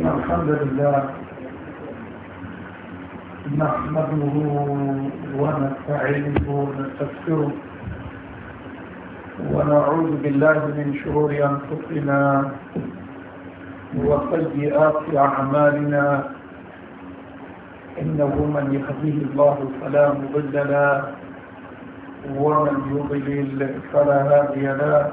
إن الحمد لله نحمده ونستعينه ونستغفره ونعوذ بالله من شرور أنفسنا وسيئات أعمالنا إنه من يهديه الله فلا مضل له ومن يضلل فلا هادي له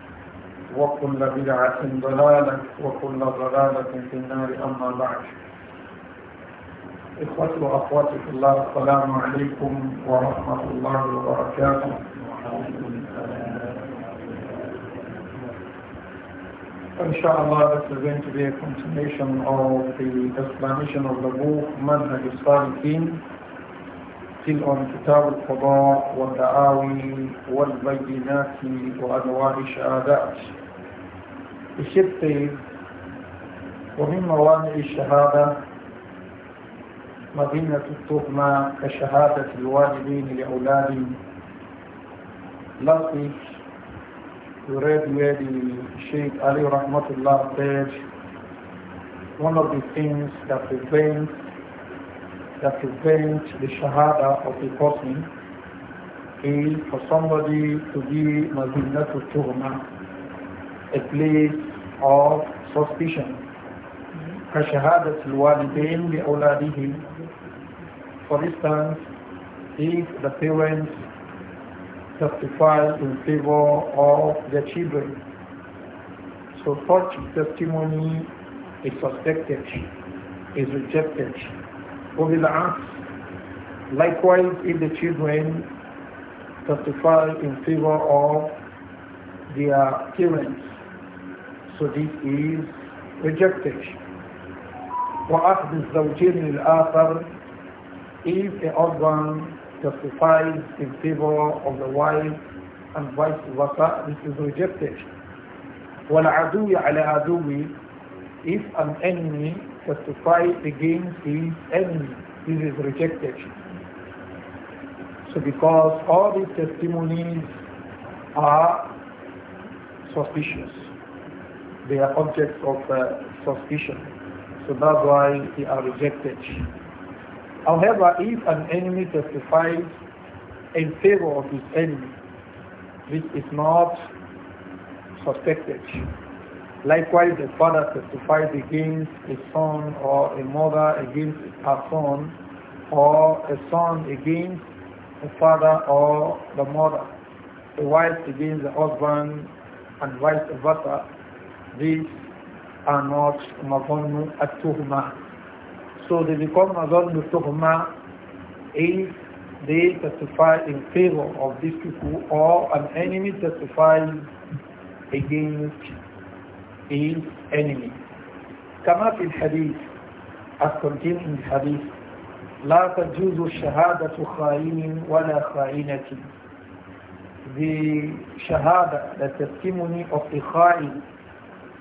وكل بدعة ضلالة وكل ضلالة في النار أما بعد إخوتي وأخواتي في الله السلام عليكم ورحمة الله وبركاته Inshallah, this is going to be a continuation of the explanation of the book Manhaj al-Salihin still on كتاب القضاء والدعاوي والبينات وأنواع الشرك طيب ومن موانع الشهادة مدينة التهمة كشهادة الوالدين لأولاد لطف يريد يد الشيخ علي رحمة الله said one of the things that prevents that prevent the shahada of a person is for somebody to be مدينة التهمة a place of suspicion. كشهادة already لأولادهم For instance, if the parents testify in favor of their children, so such testimony is suspected, is rejected. وبالعكس, likewise, if the children testify in favor of their parents, so this is rejected. وعقد الزوجين الآخر if the husband justifies in favor of the wife and vice versa, this is rejected. والعدو على عدو if an enemy testifies against his enemy, this is rejected. So because all these testimonies are suspicious they are objects of uh, suspicion. So that's why they are rejected. However, if an enemy testifies in favor of his enemy, this is not suspected. Likewise, the father testifies against a son or a mother against her son or a son against the father or the mother, a wife against the husband and vice versa. These are not mazannu at-tuhma. So they become mazannu at-tuhma if they testify in favor of these people or an enemy testifies against his enemy. كما في Hadith. as contained in the hadith لا تجوز الشهادة خائن ولا خائنة The shahada, the testimony of a khain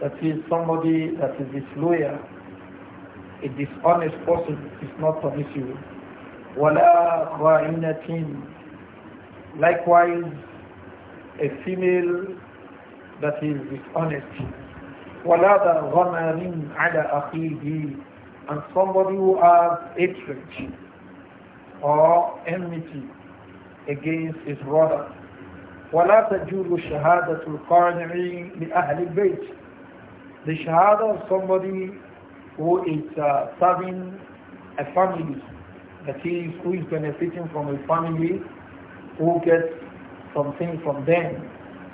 that is somebody that is disloyal, a dishonest person is not permissible. وَلَا خَائِنَةٍ Likewise, a female that is dishonest. وَلَا ذَا عَلَى أَخِيهِ And somebody who has hatred or enmity against his brother. ولا تجوز شهادة القانع لأهل البيت the shahada of somebody who is uh, serving a family, that is, who is benefiting from a family, who gets something from them.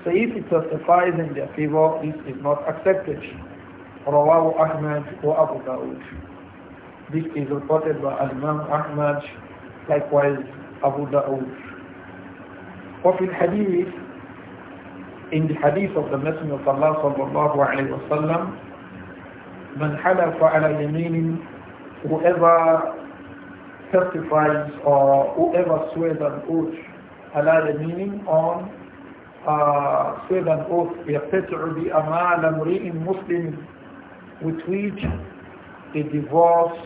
So if it testifies in their favor, this is not accepted. Rawahu Ahmad wa Abu Dawud. This is reported by Imam Ahmad, likewise Abu Dawud. وفي الحديث in the hadith of the Messenger of Allah sallallahu alayhi wa sallam, من حلف على يمين whoever testifies or whoever swears an oath على يمين on uh, swears an oath يقتطع بأمال امرئ مسلم with which he divorce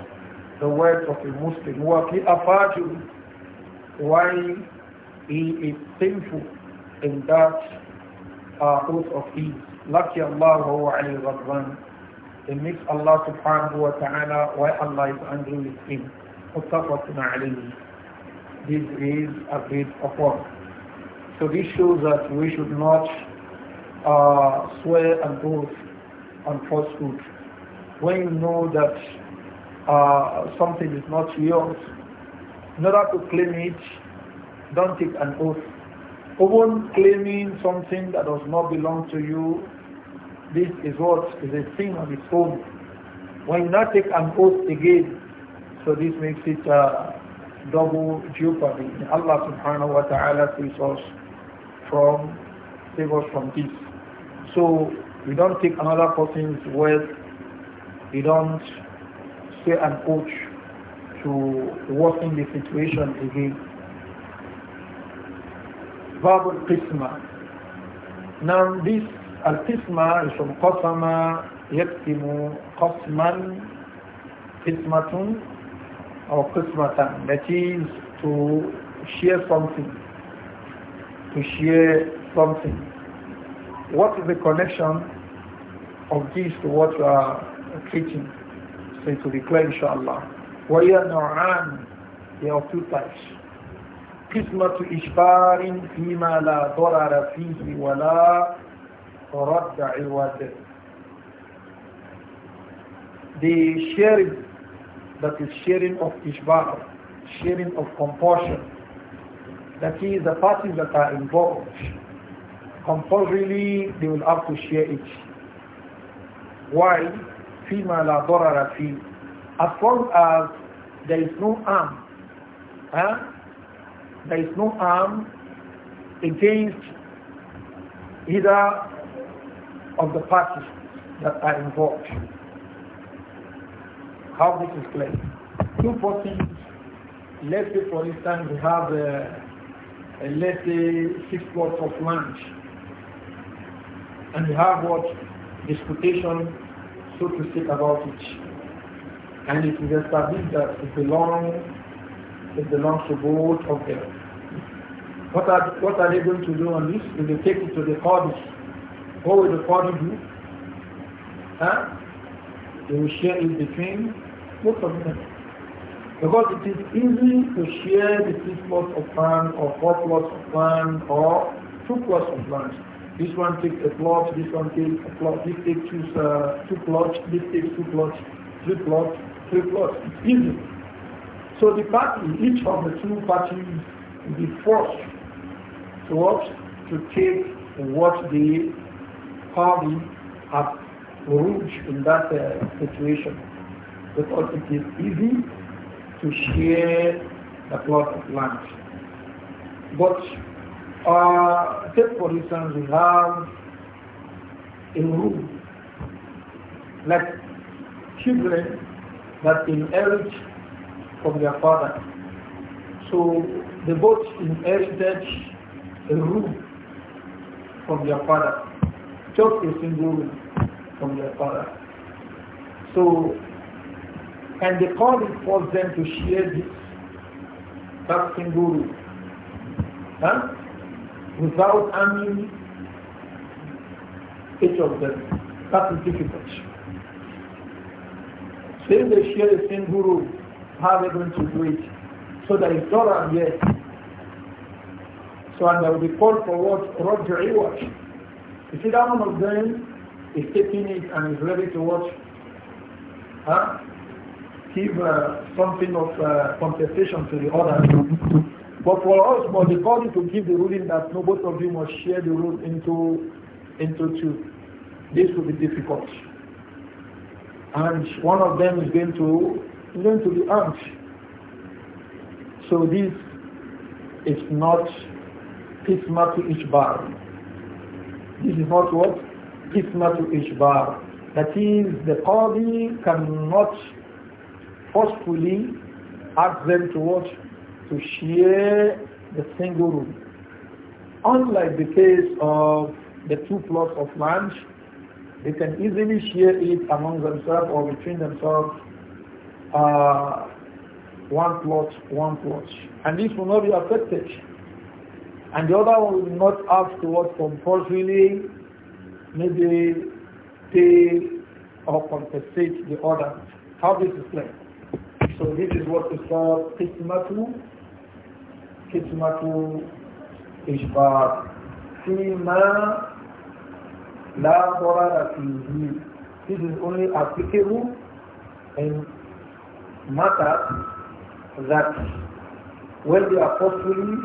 the words of a Muslim وقي why he is sinful in that uh, oath of Eid, Lucky Allah wa Ali Radwan. It makes Allah subhanahu wa ta'ala why Allah is angry with him. Muttafaquna alayhi. This is a great offense. So this shows that we should not uh, swear an oath on falsehood. When you know that uh, something is not yours, in order to claim it, don't take an oath even claiming something that does not belong to you, this is what is a sin on its own. When you not take an oath again, so this makes it a double jeopardy. Allah subhanahu wa ta'ala saves us from, save us from this. So you don't take another person's word, you don't say an oath to worsen the situation again. Bab al Now this al-Qisma is from Qasama yaktimu Qasman Qismatun or Qismatan. That is to share something. To share something. What is the connection of this to what you are teaching? So to declare be clear inshallah. وَيَا نَوْعَانِ There are two types. قسمة إشبار فيما لا ضرر فيه ولا رد عوض The sharing that is sharing of Ishbar, sharing of compulsion, that is the parties that are involved, compulsorily they will have to share it. Why? فيما لا ضرر فيه As long as there is no harm, huh? there is no harm against either of the parties that are involved. How this is played? Two persons, let's say for instance we have a, uh, a, uh, let's say six plots of lunch, and we have what disputation so to speak about it and it is established that it belongs it belongs to both of them. What are, what are they going to do on this? Will they take it to the Qadi? What will the Qadi do? Huh? They will share it between both of them. Because it is easy to share the six plots of land or four plots of land or two plots of land. This one takes a plot, this one takes a plot, this takes two, uh, two plots, this takes two plots, three plots, three plots. It's easy. So the party, each of the two parties will be forced to what? To take what they party have ruled in that uh, situation. Because it is easy to share a plot of land. But uh, take for instance, we have a rule like children that inherit from their father. So they both inherited a room from their father, just a single room from their father. So, and the calling forced them to share this, that single room, huh? without harming each of them. That is difficult. Since they share the same guru how they're going to do it. So that it's dollar against. So and there will be called for what? Roger reward. You see that one of them is taking it and is ready to watch. Huh? Give uh, something of uh, compensation to the other. But for us, but the body to give the ruling that no both of you must share the road into into two. This will be difficult. And one of them is going to He's to be armed. So this is not Kisma to Ishbar. This is not what? Kisma to Ishbar. That is, the Qadi cannot forcefully ask them to what? To share the single room. Unlike the case of the two plots of land, they can easily share it among themselves or between themselves uh, one plot, one plot. And this will not be affected. And the other one will not ask to work compulsorily, maybe pay or compensate the other. How this is played. So this is what is called kismatu, kismatu ishbar. Fima la darara fihi. This is only applicable in Matter that when they are forcefully,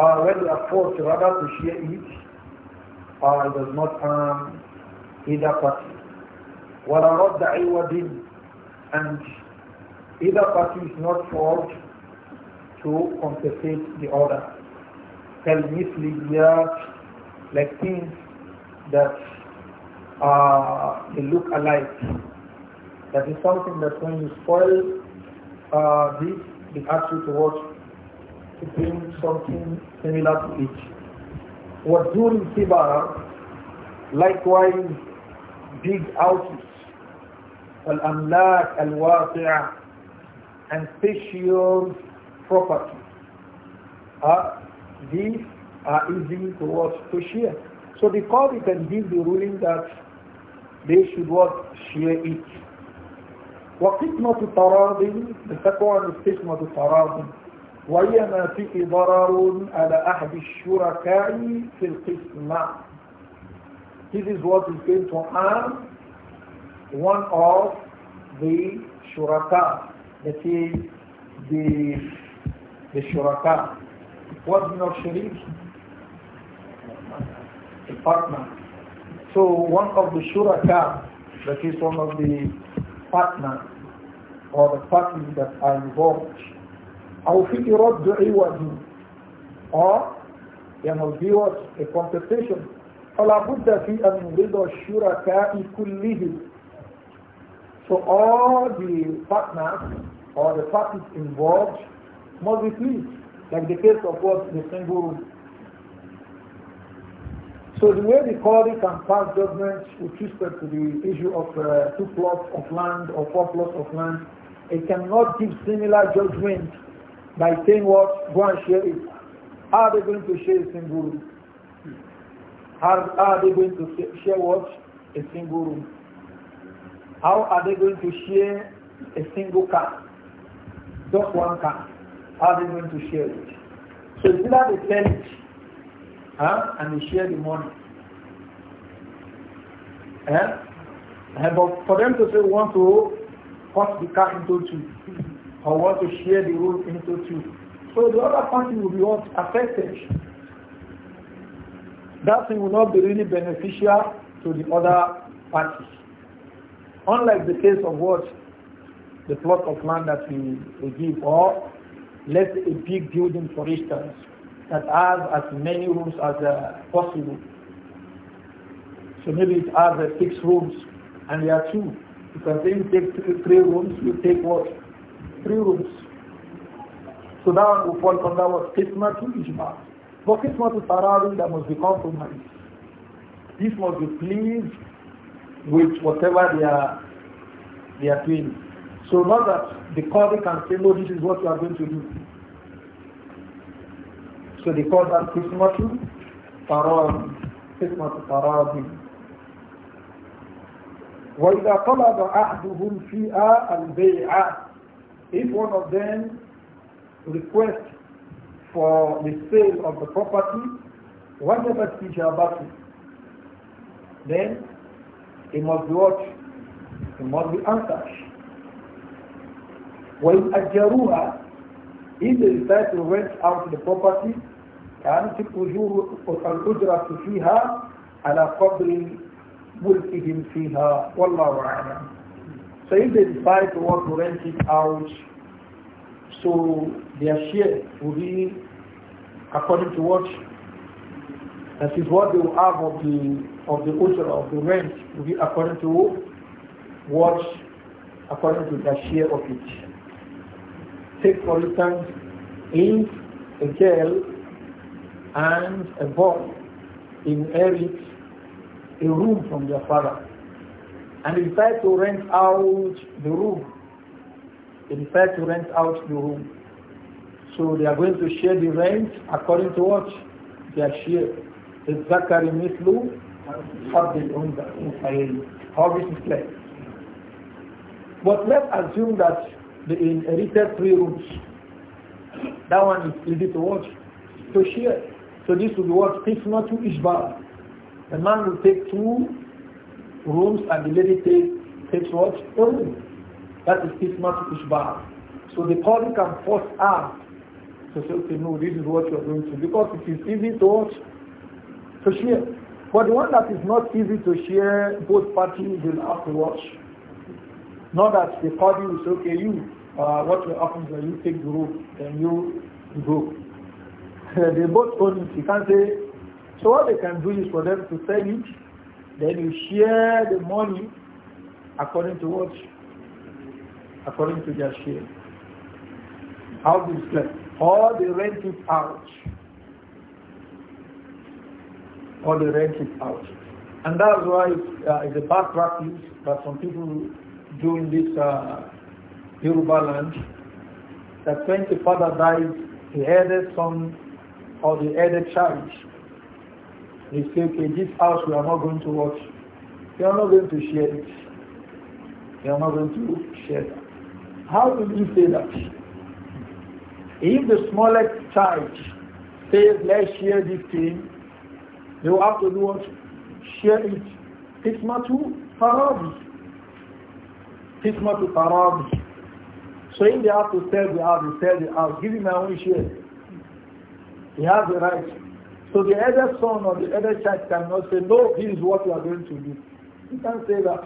uh, when they are forced rather to share it, uh, it does not harm either party. وَلَا رَدَّ عِوَدٍ And either party is not forced to compensate the other. كالمثليات like things that uh, they look alike that is something that when you spoil uh, this, they ask you to watch, to bring something similar to it. What during Sibara, likewise, big houses, al-amlak al-waqi'ah, and special property. Uh, these are easy to watch to share. So the court can give the ruling that they should what? Share it. وقسمة تراض تكون قسمة تراض وهي ما فيه ضرر على أحد الشركاء في القسمة This is what is going to harm one of the شركاء that is the, the شركاء What is not sharik? A partner. So one of the شركاء that is one of the partner or the parties that are involved. أو في رد عوض or there must be what a compensation. فلا بد في أن يرضى الشركاء كلهم. So all the partners or the parties involved must be pleased. Like the case of what the single room so the way the court can pass judgment with respect to the issue of uh, two plots of land or four plots of land, it cannot give similar judgment by saying what, go and share it. Are they going to share a single room? Are, are they going to share what? A single room. How are they going to share a single car? Just one car. Are they going to share it? So it's either they sell huh? and they share the money. Huh? Eh? Eh, but for them to say we want to cut the car into two or want to share the road into two, so the other party will be affected. That thing will not be really beneficial to the other party. Unlike the case of what the plot of land that we, we give or let a big building for instance that have as many rooms as uh, possible. So maybe it has uh, six rooms and there are two. Because then you take three, three rooms, you take what? Three rooms. So that one will fall under what? Kismat to Ijma. For Kismat to Tarawih, there must be compromised. This must be pleased with whatever they are, they are doing. So not that the Qadi can say, no, this is what you are going to do. So they call that Qismatu Tarabi. Qismatu Tarabi. وإذا طلب أحدهم فيها البيع If one of them requests for the sale of the property, وجبت إجابته Then it must be what? It must be answered. When أجروها If they decide to rent out the property, كانت الأجرة فيها على قدر ملكهم فيها والله أعلم So if they decide to want to rent it out, so their share will be according to what that is what they will have of the of the ujra of the rent will be according to what according to their share of it. Take for instance, if a girl and a boy inherit a room from their father. And they decide to rent out the room. They decide to rent out the room. So they are going to share the rent according to what? they share. Zakari Mislu, Fadil Unza, How this is But let's assume that they inherited three rooms. That one is easy to watch, to share. So this would be what? Qisma to Ishbar. The man will take two rooms and the lady take, takes what? Only. That is Qisma to Ishbar. So the party can force us to say, okay, no, this is what you're going to Because it is easy to watch, to share. But the one that is not easy to share, both parties will have to watch. Not that the party will say, okay, you, uh, what will happen is that you take the room, then you go they both own it. You can't say. So what they can do is for them to sell it, then you share the money according to what? According to their share. How do you split? Or they rent it out. Or they rent it out. And that's why it's, uh, it's a bad practice that some people do in this uh, Yoruba land that when the father dies, he a some or the added charge. they say, okay, this house we are not going to watch. We are not going to share it. We are not going to share that. How do you say that? If the smallest charge says, let's share this thing, they will have to do what? Share it. Kismatu Farabi. Kismatu Farabi. So if they have to sell the house, they sell the house. Give me my own share. He has a right. So the elder son or the elder child cannot say, no, this is what you are going to do. He can't say that.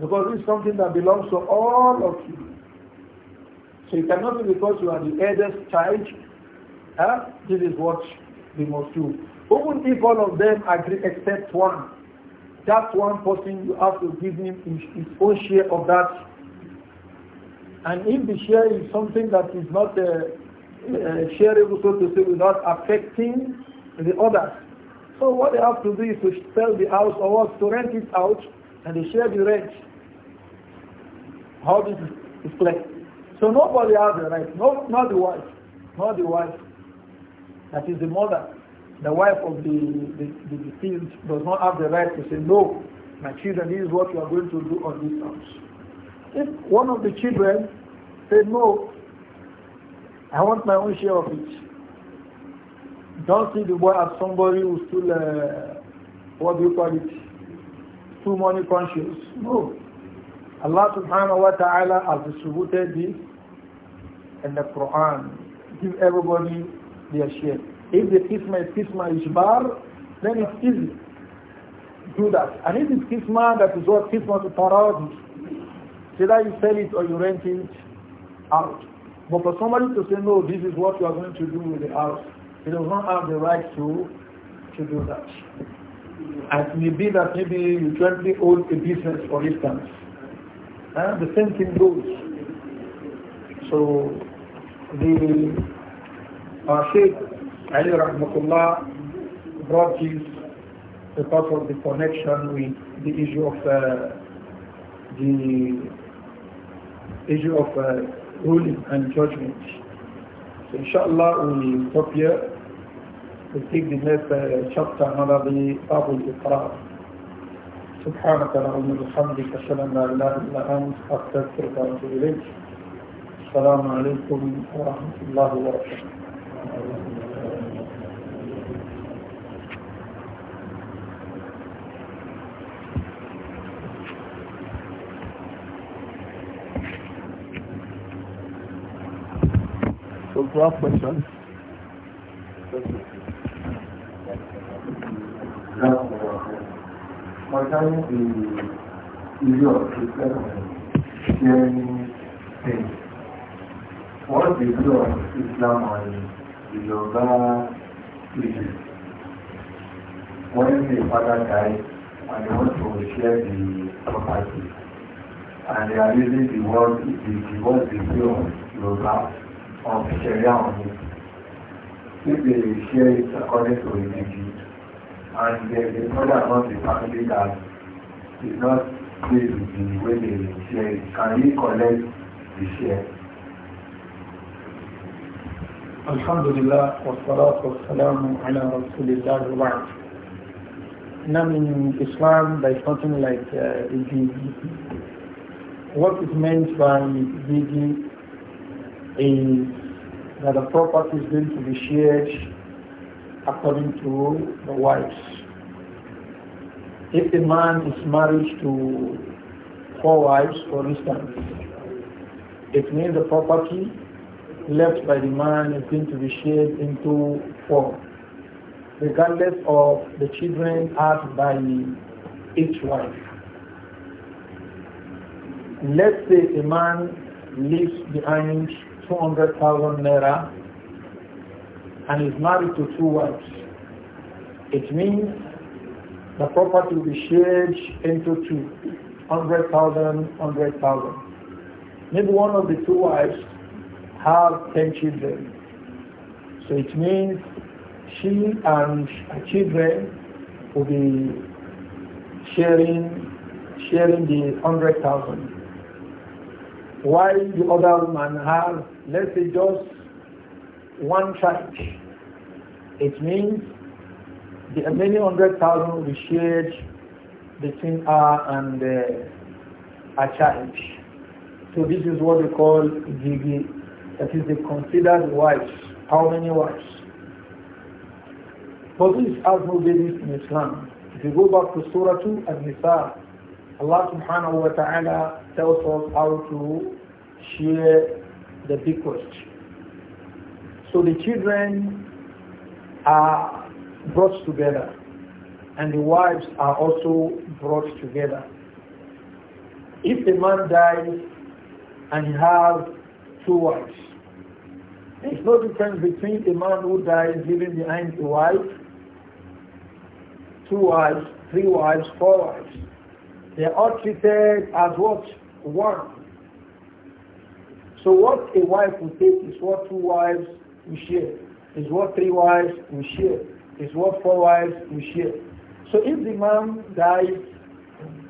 Because it's something that belongs to all of you. So it cannot be because you are the eldest child. Huh? This is what we must do. Even if all of them agree except one, that one person you have to give him his own share of that. And if the share is something that is not uh, uh, shareable, so to say, without affecting the others. So what they have to do is to sell the house or what, to rent it out and they share the rent. How this is played. So nobody has the right, not, not the wife, not the wife. That is the mother. The wife of the, the, the deceased does not have the right to say, no, my children, this is what you are going to do on this house. If one of the children said, no, I want my own share of it. Don't see the boy as somebody who's still, uh, what do you call it, too money conscious. No. Allah subhanahu wa ta'ala has distributed this in the Quran. Give everybody their share. If the kisma is kisma ishbar, then it's easy. Do that. And if it's kisma, that is what kisma to tarawih. Either you sell it or you rent it out. But for somebody to say, no, this is what you are going to do with the house, he does not have the right to, to do that. And it may be that maybe you jointly own a business, for instance. And eh? the same thing goes. So the uh, Sheikh Ali Rahmatullah brought this because of the connection with the issue of uh, the issue of uh, ruling and judgment. So inshallah we stop here. We take the next uh, chapter another the Babu Iqrar. سبحانك اللهم وبحمدك اشهد ان لا اله الا انت استغفرك واتوب اليك السلام عليكم ورحمه الله وبركاته So to ask questions. Concerning the issue of sharing things, what is the view of Islam on the Yoga When the father dies and they want to share the property, and they are using the word, the, the word, the view of Yoga of Sharia on it. If they share it according to religion, and there is another among the family that is not pleased with the way they share it, can he collect the share? الحمد لله والصلاة والسلام على رسول الله وبعد Now in Islam there is nothing like uh, what is meant by Biggie in that the property is going to be shared according to the wives. If a man is married to four wives, for instance, it means the property left by the man is going to be shared into four, regardless of the children had by each wife. Let's say a man leaves behind 200,000 naira and is married to two wives. It means the property will be shared into two, 100,000, 100,000. Maybe one of the two wives have 10 children. So it means she and her children will be sharing sharing the 100,000. While the other woman has, let's say, just one child, it means the many hundred thousand will be shared between her and uh, child. So this is what we call gigi. That is the considered wives. How many wives? But this has no basis in Islam. If you go back to Surah 2 and Nisa, Allah subhanahu wa ta'ala tells us how to share the bequest. So the children are brought together and the wives are also brought together. If a man dies and he has two wives, there's no difference between a man who dies leaving behind a wife, two wives, three wives, four wives. They are all treated as what? one. So what a wife will take is what two wives will share, is what three wives will share, is what four wives will share. So if the man dies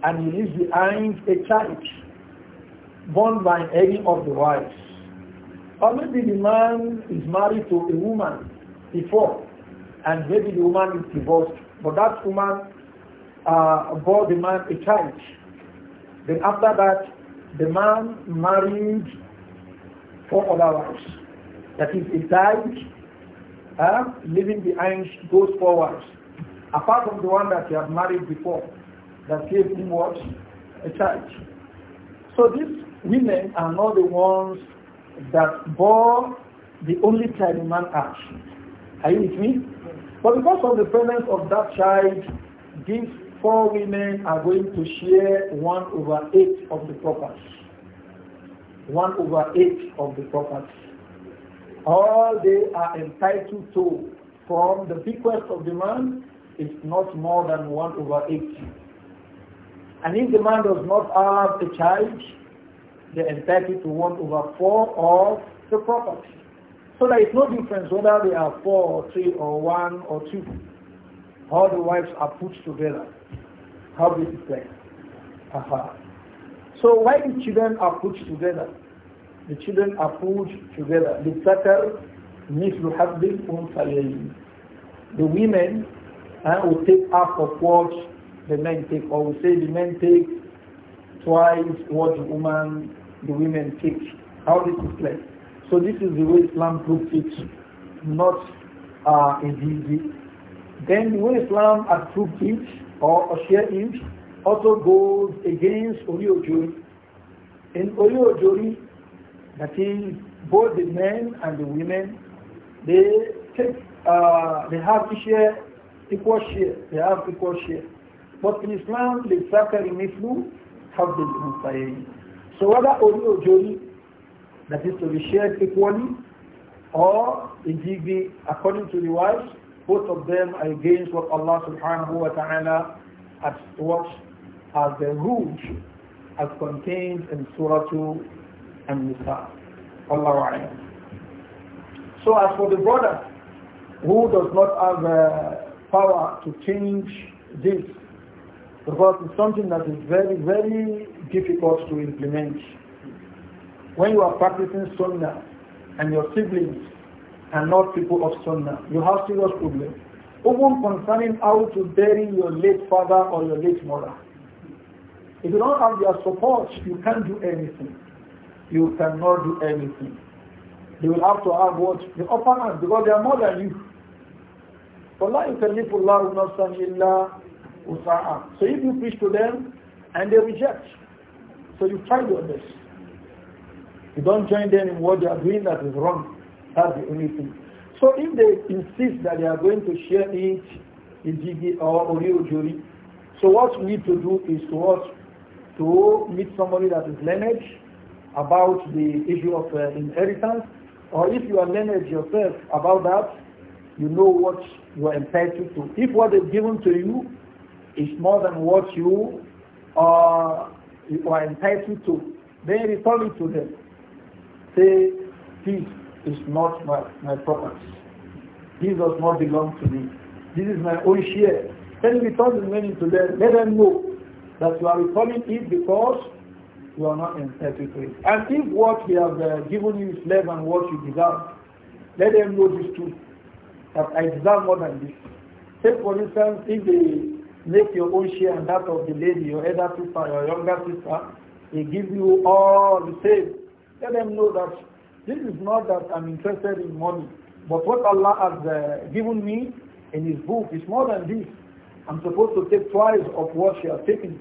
and he leaves behind a child born by any of the wives, or maybe the man is married to a woman before, and maybe the woman is divorced, but that woman uh, bore the man a child. Then after that, the man married four other wives. That is, he died, uh, leaving behind those four wives. Apart from the one that he had married before, that gave him what? A child. So these women are not the ones that bore the only child the man had. Are you with me? But because of the presence of that child gives four women are going to share one over eight of the property. One over eight of the property. All they are entitled to from the bequest of the man is not more than one over eight. And if the man does not have a child, they're entitled to one over four of the property. So there is no difference whether they are four or three or one or two. All the wives are put together how this is like. Aha. So why the children are put together? The children are put together. The sucker needs to have this The women uh, will take half of what the men take, or we say the men take twice what the woman, the women take. How this is like. So this is the way Islam puts it, not uh, a disease. Then the way Islam has it, or Oshiaim also goes against Oriojori. In Oriojori, that is both the men and the women, they take, uh, they have share, equal share, they have equal share. But in Islam, the Zakari Miflu have the Musayyid. So whether Oriojori, that is to be shared equally, or a be according to the wives, both of them are against what Allah subhanahu wa ta'ala has what as the rules as contained in Surah 2 and Nisa. Allah alayhi. So as for the brother who does not have the uh, power to change this, because it's something that is very, very difficult to implement. When you are practicing Sunnah and your siblings and not people of Sunnah. You have serious problem. Even concerning how to bury your late father or your late mother. If you don't have their support, you can't do anything. You cannot do anything. They will have to have what? The upper hand because they are more than you. So if you preach to them and they reject, so you try your best. You don't join them in what they are doing that is wrong. That's the only thing. So if they insist that they are going to share it, Ijigi or Oriyo Jori, so what we need to do is to what? To meet somebody that is learned about the issue of uh, inheritance, or if you are learned yourself about that, you know what you are entitled to. If what is given to you is more than what you are, uh, you are entitled to, then return it to them. Say, peace is not my, my property. This does not belong to me. This is my own share. Then we turn the money to them. Let them know that you are returning it because you are not entitled to it. And if what we have uh, given you is less than what you deserve, let them know this too. That I deserve more than this. Say for instance, if they make your own share and that of the lady, your elder sister, your younger sister, they give you all the same. Let them know that this is not that I'm interested in money, but what Allah has uh, given me in His book is more than this. I'm supposed to take twice of what she has taken.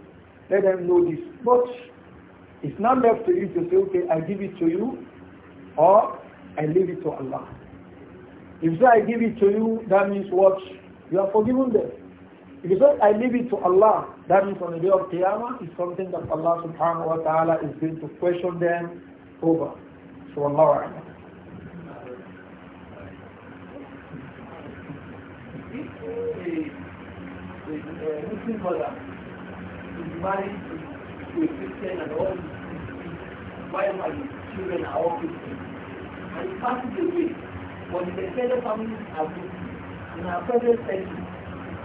Let them know this. But it's not left to you to say, okay, I give it to you, or I leave it to Allah. If so, I give it to you, that means what? You are forgiven them. If you say, I leave it to Allah, that means on the day of Qiyamah, it's something that Allah subhanahu wa ta'ala is going to question them over. So Allah. a Muslim mother is married to Christian and all while my children are all Christian, and it passes the extended family. are Muslim, in our present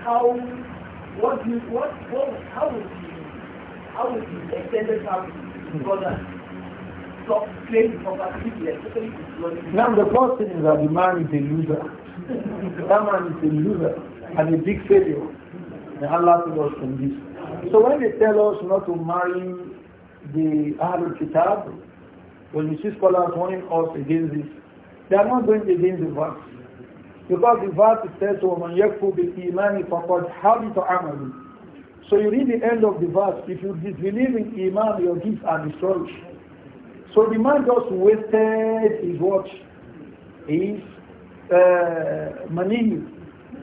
how what what what how would you how would you extended family brother now the person thing is that the man is a loser. that man is a loser and a big failure. May Allah save us from this. So when they tell us not to marry the Ahlul Kitab, when you see scholars warning us against this, they are not going against the verse. Because the verse says, وَمَنْ يَكْفُ بِالْإِيمَانِ فَقَدْ حَبِطَ عَمَلُهُ So you read the end of the verse, if you disbelieve in Iman, your gifts are destroyed. So the man just wasted his watch, his uh, money.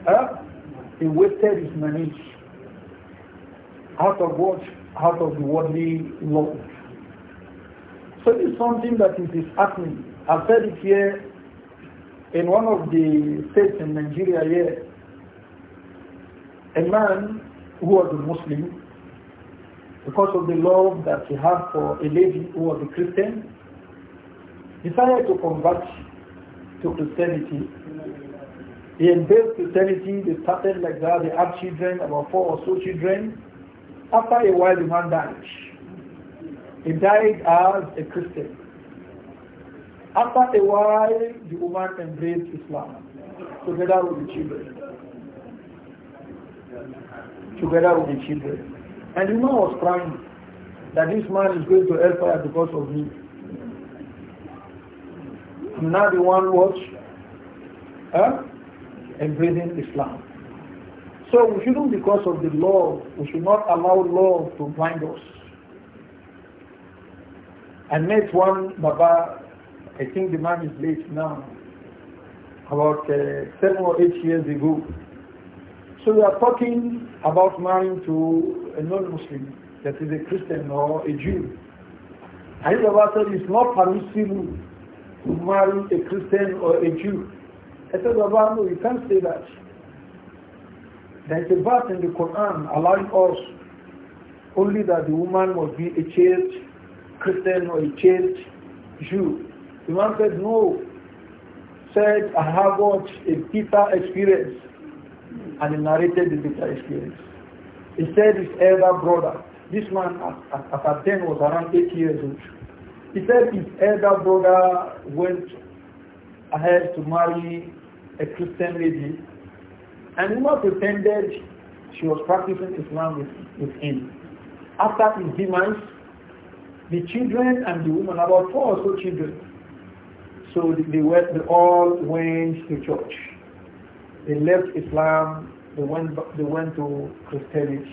Huh? He wasted his money out of what? Out of the worldly love. So this is something that it is happening. I said it here in one of the states in Nigeria here. A man who was a Muslim because of the love that he had for a lady who was a Christian, decided to convert to Christianity. He embraced Christianity, they started like that, they had children, about four or so children. After a while, the man died. He died as a Christian. After a while, the woman embraced Islam, together with the children. Together with the children. And the woman was crying that this man is going to hellfire because of me. I'm not the one watch huh? embracing Islam. So we shouldn't because of the law, we should not allow law to blind us. I met one Baba, I think the man is late now, about uh, seven or eight years ago. So we are talking about marrying to a non-Muslim, that is a Christian or a Jew. I the Prophet said it's not permissible to marry a Christian or a Jew. I said, Baba, no, you can't say that. There is a verse in the Quran allowing us only that the woman must be a chaste Christian or a chaste Jew. The man said, no. Said, I have got A bitter experience and he narrated his bitter experience. He said his elder brother, this man at, at, at was around eight years old. He said his elder brother went ahead to marry a Christian lady and Umar pretended she was practicing Islam with, with him. After his demise, the children and the woman, about four or so children, so they, they all went to church. They left Islam, they went, they went to Christianity.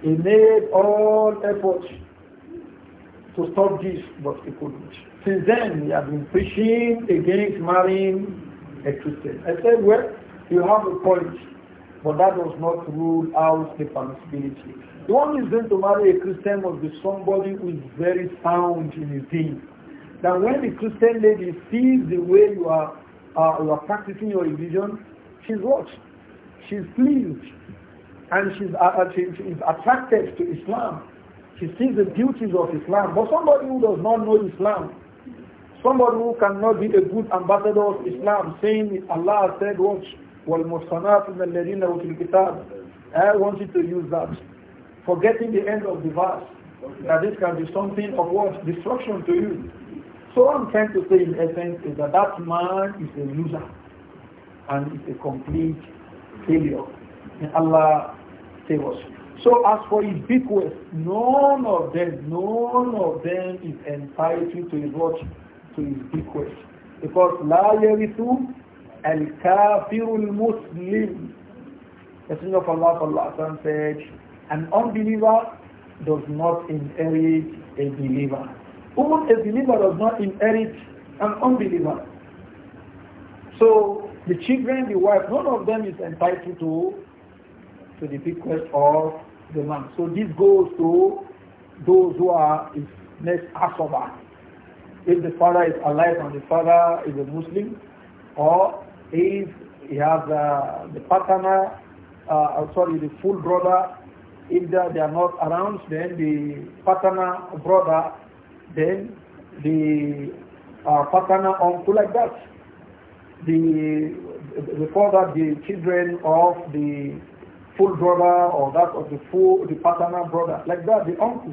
He made all efforts to stop this, but he couldn't. Since then, he has been preaching against marrying a Christian. I said, well, you have a point, but that does not rule out the possibility. The one is going to marry a Christian must be somebody who is very sound in his deen. Now, when the Christian lady sees the way you are, uh, you are practicing your religion, she's what? She's pleased and she's, uh, uh she, is attracted to Islam. She sees the beauties of Islam. But somebody who does not know Islam, somebody who cannot be a good ambassador of Islam, saying Allah said, watch, وَالْمُحْصَنَاتُ مِنَ الَّذِينَ أُوتُوا الْكِتَابَ I want you to use that. Forgetting the end of the verse, that this can be something of what? Destruction to you. So what I'm trying to say in essence is that that man is a loser and it's a complete failure. May Allah save us. So as for his bequest, none of them, none of them is entitled to his watch, to his bequest. Because لا يرث الكافر المسلم. The Messenger of Allah sallallahu alaihi wasallam said, an unbeliever does not inherit a believer. Even a believer does not inherit an unbeliever. So the children, the wife, none of them is entitled to, to the bequest of the man. So this goes to those who are his next asoba. If the father is alive and the father is a Muslim, or if he has uh, the partner, uh, uh, sorry, the full brother, if they, they are not around, then the partner brother, then the uh, partner uncle like that the before that the children of the full brother or that of the full the paternal brother like that the uncle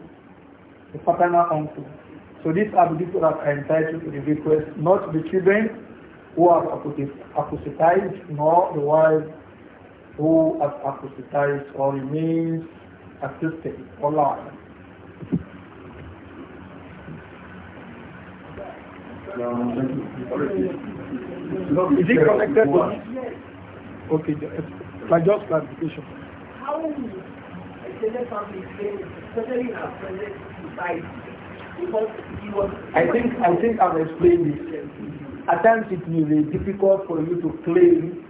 the paternal uncle so these are the people that are entitled to the request, not the children who are apostatized nor the wives who have apostatized or remains assisted or lied is it connected to Okay, like just clarification. How extended family especially in our present society? I think I think I've explained this. At times it will be difficult for you to claim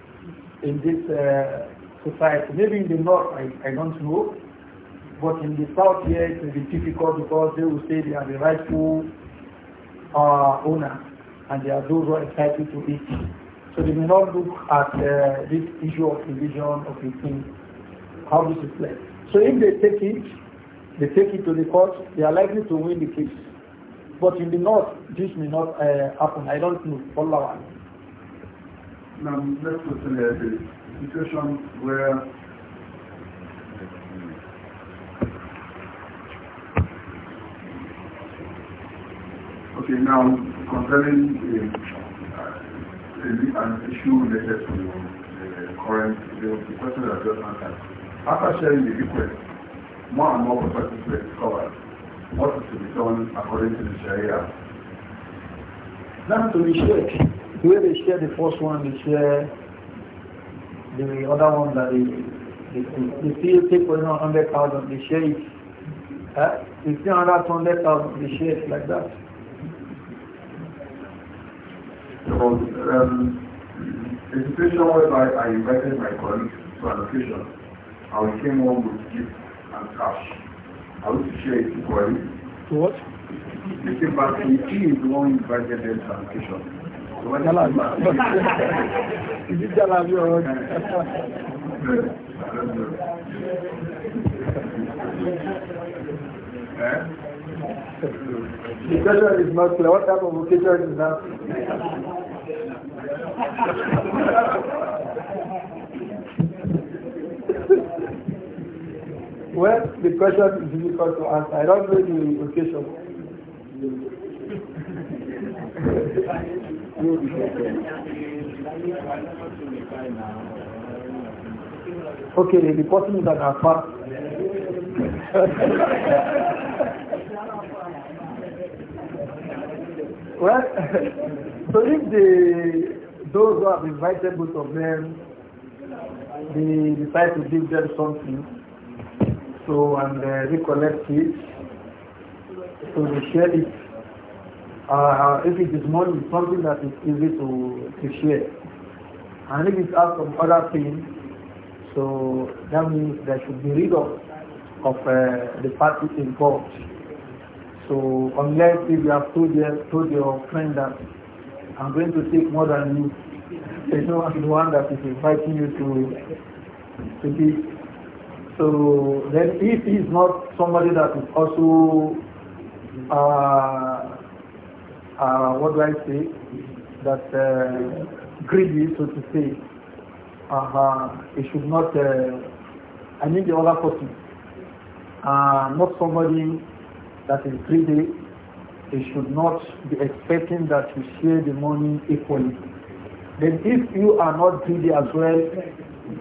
in this uh, society. Maybe in the north, I, I don't know, but in the south here it will be difficult because they will say they are the rightful uh, owner and there are those who are excited to it. So they may not look at uh, this issue of division of the thing, how this is played. So if they take it, they take it to the court, they are likely to win the case. But in the north, this may not uh, happen. I don't know. Allah one. Now, the situation where okay, now concerning uh, uh, an issue related to the uh, current the question that just answered, after sharing the request, more and more perspectives were discovered. What is to be done according to the Sharia? Not to be shared. The way they share the first one, they share the other one that they, they, they still take for 100,000, they share it. Uh, still another 200,000, they share it like that. was um, a situation whereby I invited my colleagues to an occasion I came home with gifts and cash. I want to share it with equally. To what? This party, he is the one invited them to an occasion. So Is it Jalabi or what? The question is not clear. What type of occasion is that? well, the question is difficult to answer. I don't know the occasion. okay, the person is an alpha. well, so if the those who have invited both of them, they decide to give them something. So, and uh, they collect it. So they share it. Uh, uh if it is money, something that is easy to, to share. And if it's out of other things, so that means there should be rid of, of uh, the party involved. So unless if you have told your, told your friend that I'm going to take more than you. There's no one, that is inviting you to, to this. So then if he's not somebody that is also, uh, uh, what do I say, that uh, greedy, so to say, uh, uh-huh, it should not, uh, I need the other person, uh, not somebody that is greedy they should not be expecting that you share the money equally. Then if you are not greedy as well,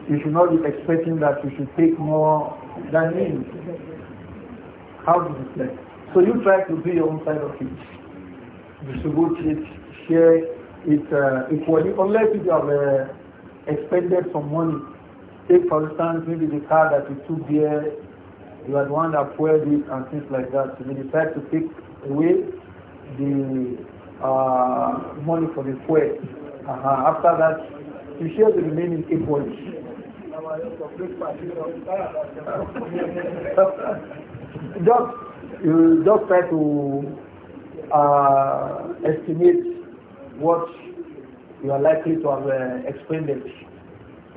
you should not be expecting that you should take more than him. How do you play? So you try to do your own side of it. Distribute it, share it uh, equally, unless you have uh, expended some money. Take for instance, maybe the car that you took there you had one that fueled it and things like that. So they decide to take away the uh, money for the first. Uh -huh. After that, you share the remaining equally. just you just try to uh, estimate what you are likely to have uh, expended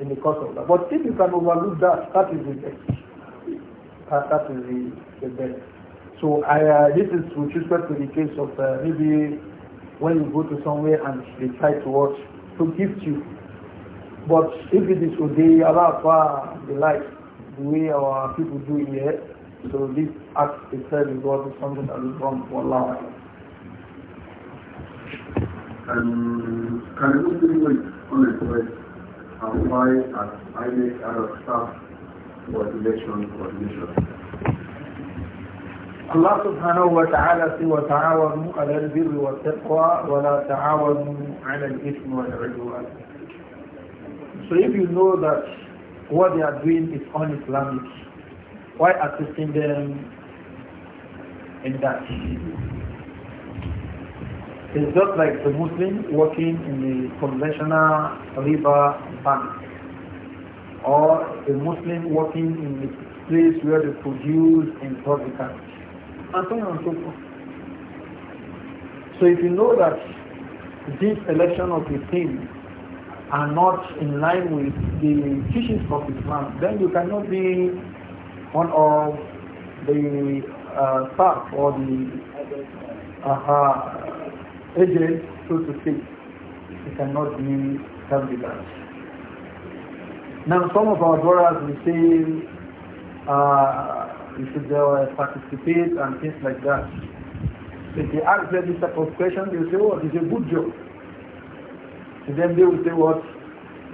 in the course of that. But if you can overlook that, that is the best. that is the, the best. So I, uh, this is with respect to the case of uh, maybe when you go to somewhere and they try to watch to gift you. But if it is obey Allah the like the way our people do here, so this act itself is what is something that is wrong for Allah. And can you please wait on a thread and why I make out of staff for election coordination? عَلَى الْبِرِّ وَالتَّقْوَى وَلَا تَعَاوَنُوا عَلَى الْإِثْمِ وَالْعُدْوَانِ So if you know that what they are doing is un-Islamic, why assisting them in that? It's just like the Muslim working in a conventional river bank or a Muslim working in a place where they produce in public country and so on and so forth. So if you know that this election of the team are not in line with the teachings of Islam, then you cannot be one of the uh, staff or the uh, uh, agent, so to speak. You cannot be candidate. Now some of our brothers will say, uh, you should uh, participate and things like that. If they ask them this type of question, they will say, oh, it's a good job. To them, they will say, what?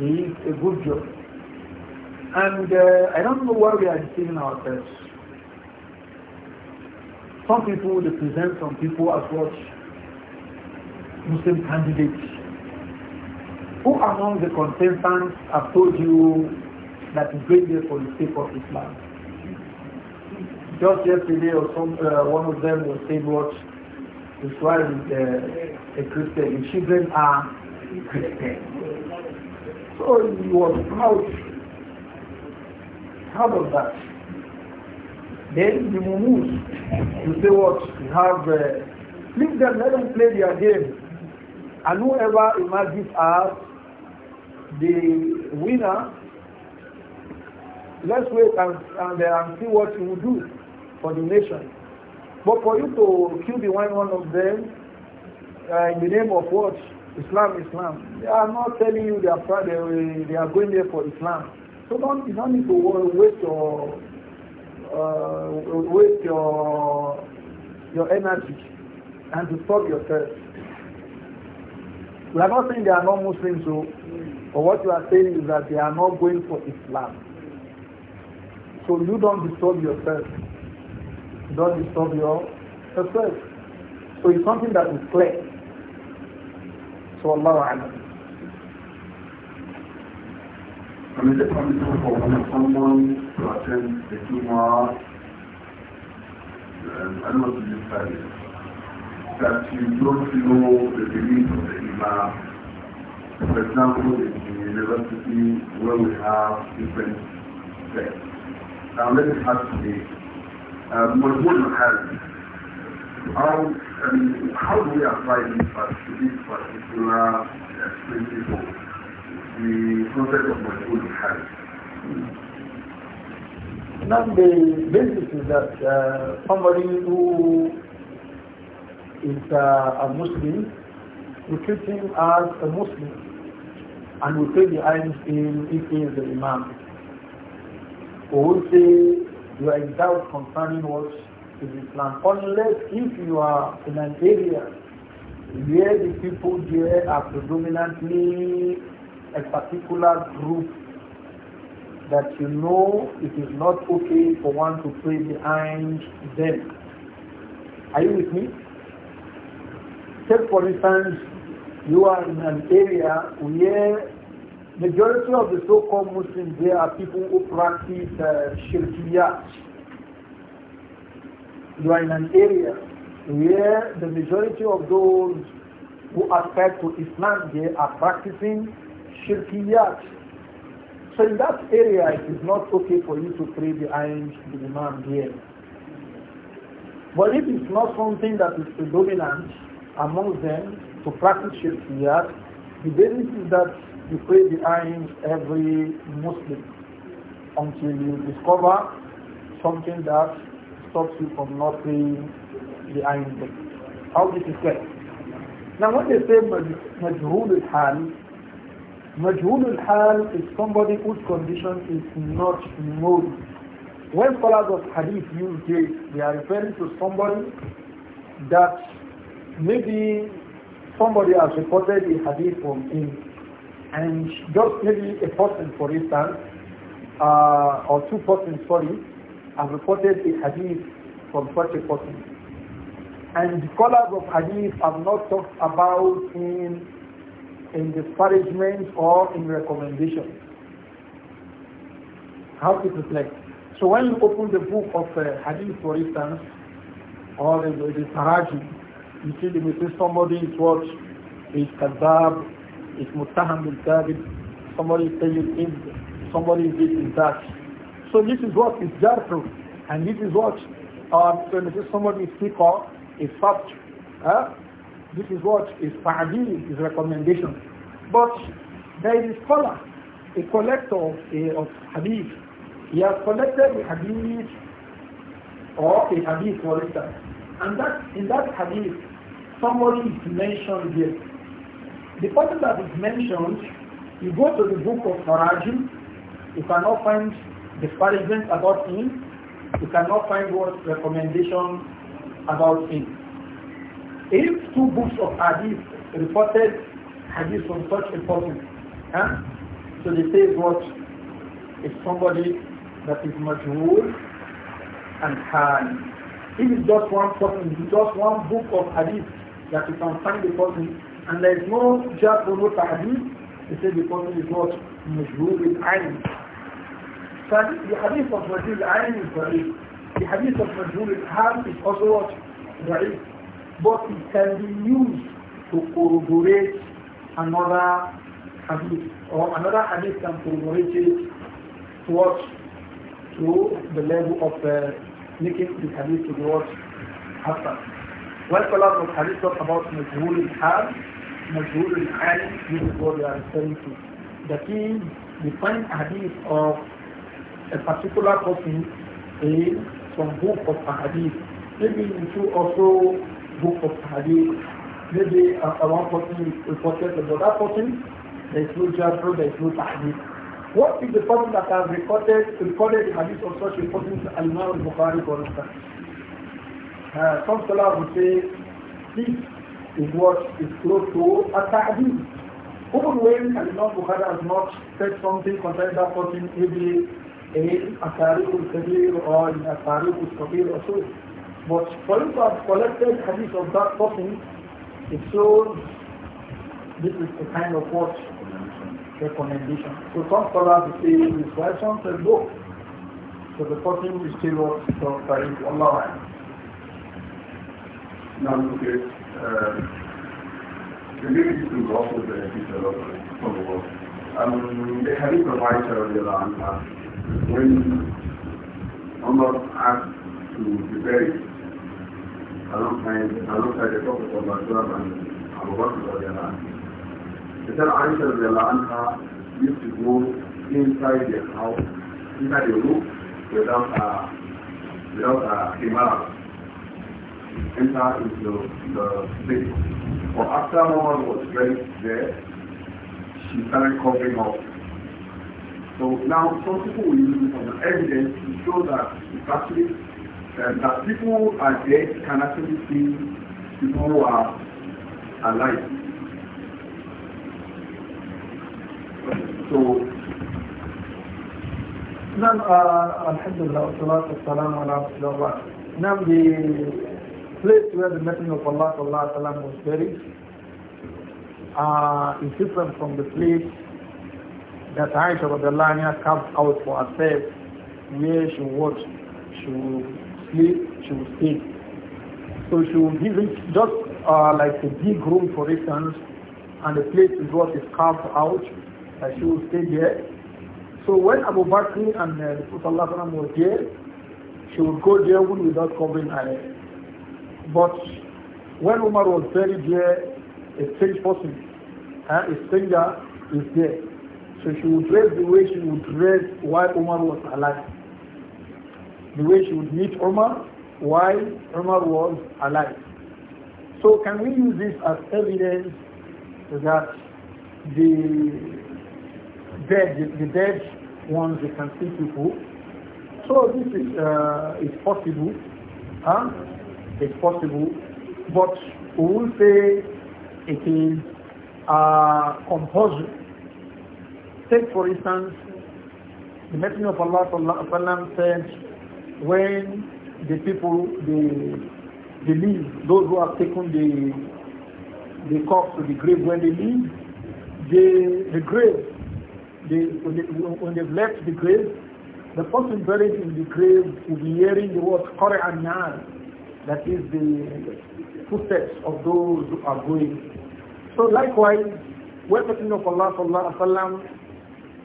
It's a good job. And uh, I don't know why we are deceiving ourselves. Some people, represent present some people as what? Muslim candidates. Who among the contestants have told you that is great there for the sake of Islam? Just yesterday or some, uh, one of them was saying what his wife is uh, a Christian, his children are Christian. So he was proud, proud of that. Then the mumus, you say what, you have, uh, leave them, let them play their game. And whoever emerges as the winner, let's wait and, and, uh, and see what he will do for the nation. But for you to kill the one one of them uh, in the name of what? Islam, Islam. They are not telling you they are, they, they are going there for Islam. So don't, you don't need to waste your, uh, waste your, your energy and to stop yourself. We are not saying they are not Muslims, so, but what you are saying is that they are not going for Islam. So you don't disturb yourself don't disturb your yourself. So it's something that is clear. So Allah Alam. I am it's possible for someone to attend the Juma, and um, I don't know if you that you don't know the belief of the Imam. For example, in the university where we have different sects. Now let it have to be مضمون الحال أو how do we apply this to this particular uh, principle the concept of مضمون الحال Now the basis is that uh, somebody who is uh, a Muslim, we treat him as a Muslim and we pay the eyes in if he is the Imam. We will say you are in doubt concerning what is Islam. Unless if you are in an area where the people there are predominantly a particular group that you know it is not okay for one to pray behind them. Are you with me? Take for instance, you are in an area where majority of the so-called Muslims there are people who practice uh, shirkiyat. You are in an area where the majority of those who aspire to Islam they are practicing shirkiyat. So in that area it is not okay for you to pray behind the imam here. But if it's not something that is predominant among them to practice shirkiyat, the basis is that you pray behind every Muslim until you discover something that stops you from not praying behind them. How this is clear. Now when they say majhul al-hal, majhul al-hal is somebody whose condition is not known. When scholars of hadith use this, they are referring to somebody that maybe somebody has reported a hadith from him and just maybe a person, for instance, uh, or two persons, sorry, have reported a hadith from such a person. And the scholars of hadith have not talked about in, in disparagement or in recommendation. How to reflect. So when you open the book of uh, hadith, for instance, or the, the, Saraji, you see somebody is what is kazab, is muttaham bil somebody is saying is somebody is this that. So this is what is jarfu, and this is what when um, so this is somebody is thicker, is fat. Huh? This is what is fa'adil, is recommendation. But there is a scholar, a collector of, of hadith. He has collected a hadith or a hadith collector. And that in that hadith, somebody is mentioned here. The point that is mentioned, you go to the book of Farajim, you cannot find disparagement about him, you cannot find what recommendation about him. If two books of hadith reported hadith from such a person, huh? so they say what is somebody that is majhul and han. If it's just one person, it's just one book of hadith that you can find the person and there is no just no hadith. They say the person is not majhul with ayn. So the hadith of majhul ayn is da'if. The hadith of majhul hal is also what? Da'if. But it can be used to corroborate another hadith or another hadith can corroborate it towards to the level of uh, making the hadith to what happened. When scholars of hadith talk about majhul al-hal, majhul al-alim, this is what they are referring to. That is, the find hadith of a particular person in from book of hadith, maybe into also book of hadith, maybe uh, one person reported about that person, there is no jabr, there is no hadith. What is the person that has recorded, recorded the hadith of such a person, Al-Imam al-Bukhari, for instance? Uh, some scholars would say this is what is close to a ta'dil. Even when Imam Bukhari has not said something concerning that person, maybe in a tariq al or in a tariq al or so. But for you to have collected hadith of that person, it shows this is the kind of what? Recommendation. So some scholars would say this version says no. So the person is still what? So, Allah Now, okay. Uh, related to also the teacher of the world, um, the Hadith of Aisha radiallahu anha, when Umar asked to be buried alongside, alongside the Prophet of Islam and Abu Bakr radiallahu anha, they said Aisha radiallahu anha used to go inside their house, inside the room, without a, without a himara. enter into the city. But after Mama was raised there, she started covering up. So now some people will use this as an evidence to show that it's actually um, that people are dead can actually see people who are alive. So نعم الحمد لله والصلاة والسلام على رسول الله نعم place where the Messenger of Allah was buried uh, is different from the place that Aisha Radhalania carved out for herself where she would, she would sleep, she would sleep. So she would give it just uh, like a big room for instance and the place is what is carved out that she would stay there. So when Abu Bakr and uh, the Prophet was there, she would go there without covering her head. But when Umar was buried there, a strange person, eh, a stranger is there. So she would dress the way she would dress while Umar was alive. The way she would meet Umar while Umar was alive. So can we use this as evidence that the dead, the, the dead ones, they can see people? So this is, uh, is possible. Huh? it's possible, but we will say it is composed. Take for instance, the Messenger of Allah وسلم, said when the people, they, they leave, those who have taken the, the corpse to the grave, when they leave, the the grave, they, when, they, when they've left the grave, the person buried in the grave will be hearing the word Qur'an that is the footsteps of those who are going. So likewise, when Messenger of Allah sallallahu wa wasallam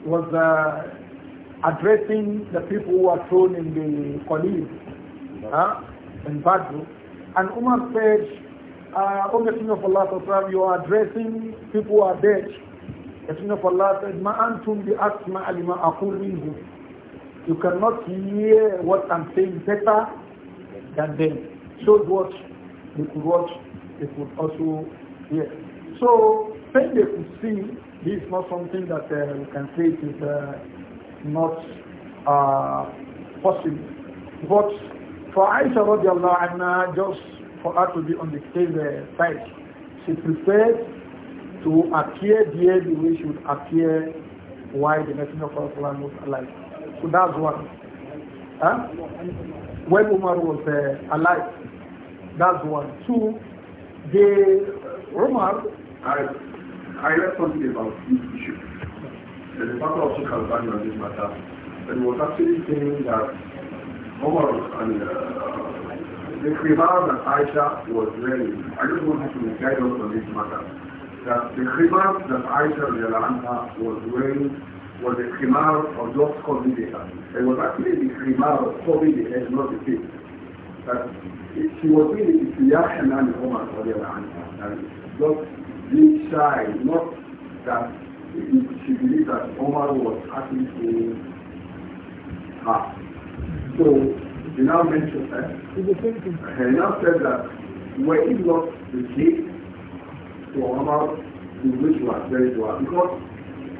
was uh, addressing the people who were thrown in the Qalib, huh, in Badr, and Umar said, uh, O Messenger of Allah sallallahu alaihi wasallam, you are addressing people who are dead. Messenger of Allah said, Ma antum bi asma alima aqul minhum. You cannot hear what I'm saying better than them showed what they could watch, they could also hear. So when they could see, this is not something that uh, we can say it is uh, not uh, possible. But for Aisha radiallahu anha, just for her to be on the same uh, side, she preferred to appear there the way she would appear while the Messenger of Allah was alive. So that's one. Huh? When Umar was uh, alive, that's one. Two, the Roman. Uh, I, I read something about this issue. The a also of Sheikh on this matter. And was actually saying that Omar and uh, the Khimar and Aisha was wearing. I just wanted to guide us on this matter. That the Khimar that Aisha was wearing was the khimar of just COVID. the It was actually the khimar of COVID, the not the face. That she was doing it to reaction and the woman for the and just being shy, not that she believed that Omar was actually saying her. So he now mentioned that. He now said that were it not the case to Omar in which was very well because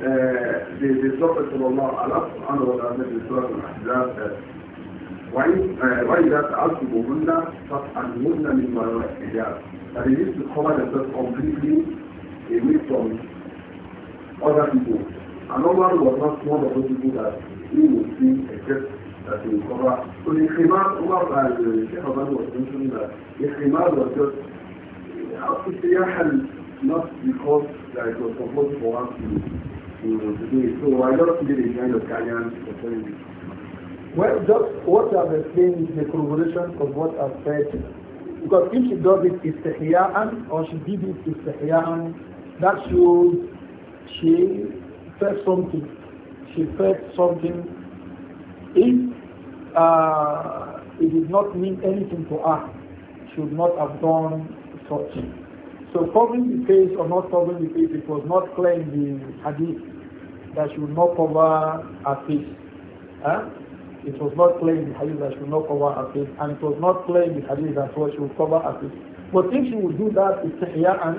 uh, the, the Prophet sallallahu alaihi wasallam said in Surah Al-Ahzab that وإذا تعصبهن فاسألهن من وراء الحجاب that they used to cover themselves completely away from other people. And Omar was not one of those people that we would see except that he would cover. So the Khimar, Omar, as Sheikh Abad was mentioning that the Khimar was just uh, outfit not because that it was supposed for us to, to, to do it. So I don't did a kind of guidance for telling Well, just what I've explained is the corroboration of what I've said. Because if she does it istihya'an or she did it istihya'an, that shows she felt something. She felt something. If uh, it did not mean anything to her, she would not have done such. So covering the face or not covering the face, it was not clear in the hadith that she would not cover her face. Huh? it was not clear in the hadith that she would not cover her face, and it was not clear in the hadith that she would cover her face. But if she would do that and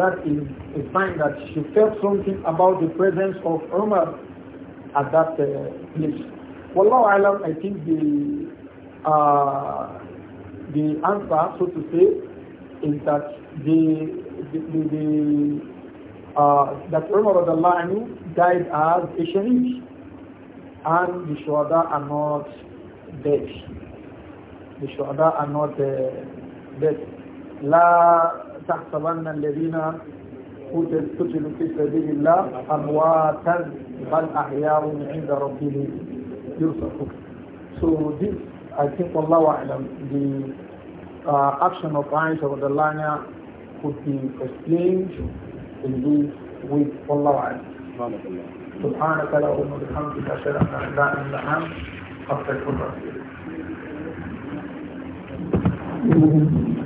that is a sign that she felt something about the presence of Umar at that uh, place. Wallahu alam, I think the uh, the answer, so to say, is that the the, the, the uh, that Umar died as a shaheed and the shoulder are not dead. The shoulder are not uh, dead. لا تحسبن الذين قتلوا في سبيل الله أمواتا بل أحياء عند ربهم يرزقون. So this, I think Allah A'lam, the uh, action of Aisha the Lanya could be explained in this with Allah A'lam. سبحانك لا أم بحمدك أشهد أن لا إله إلا أنت أستغفرك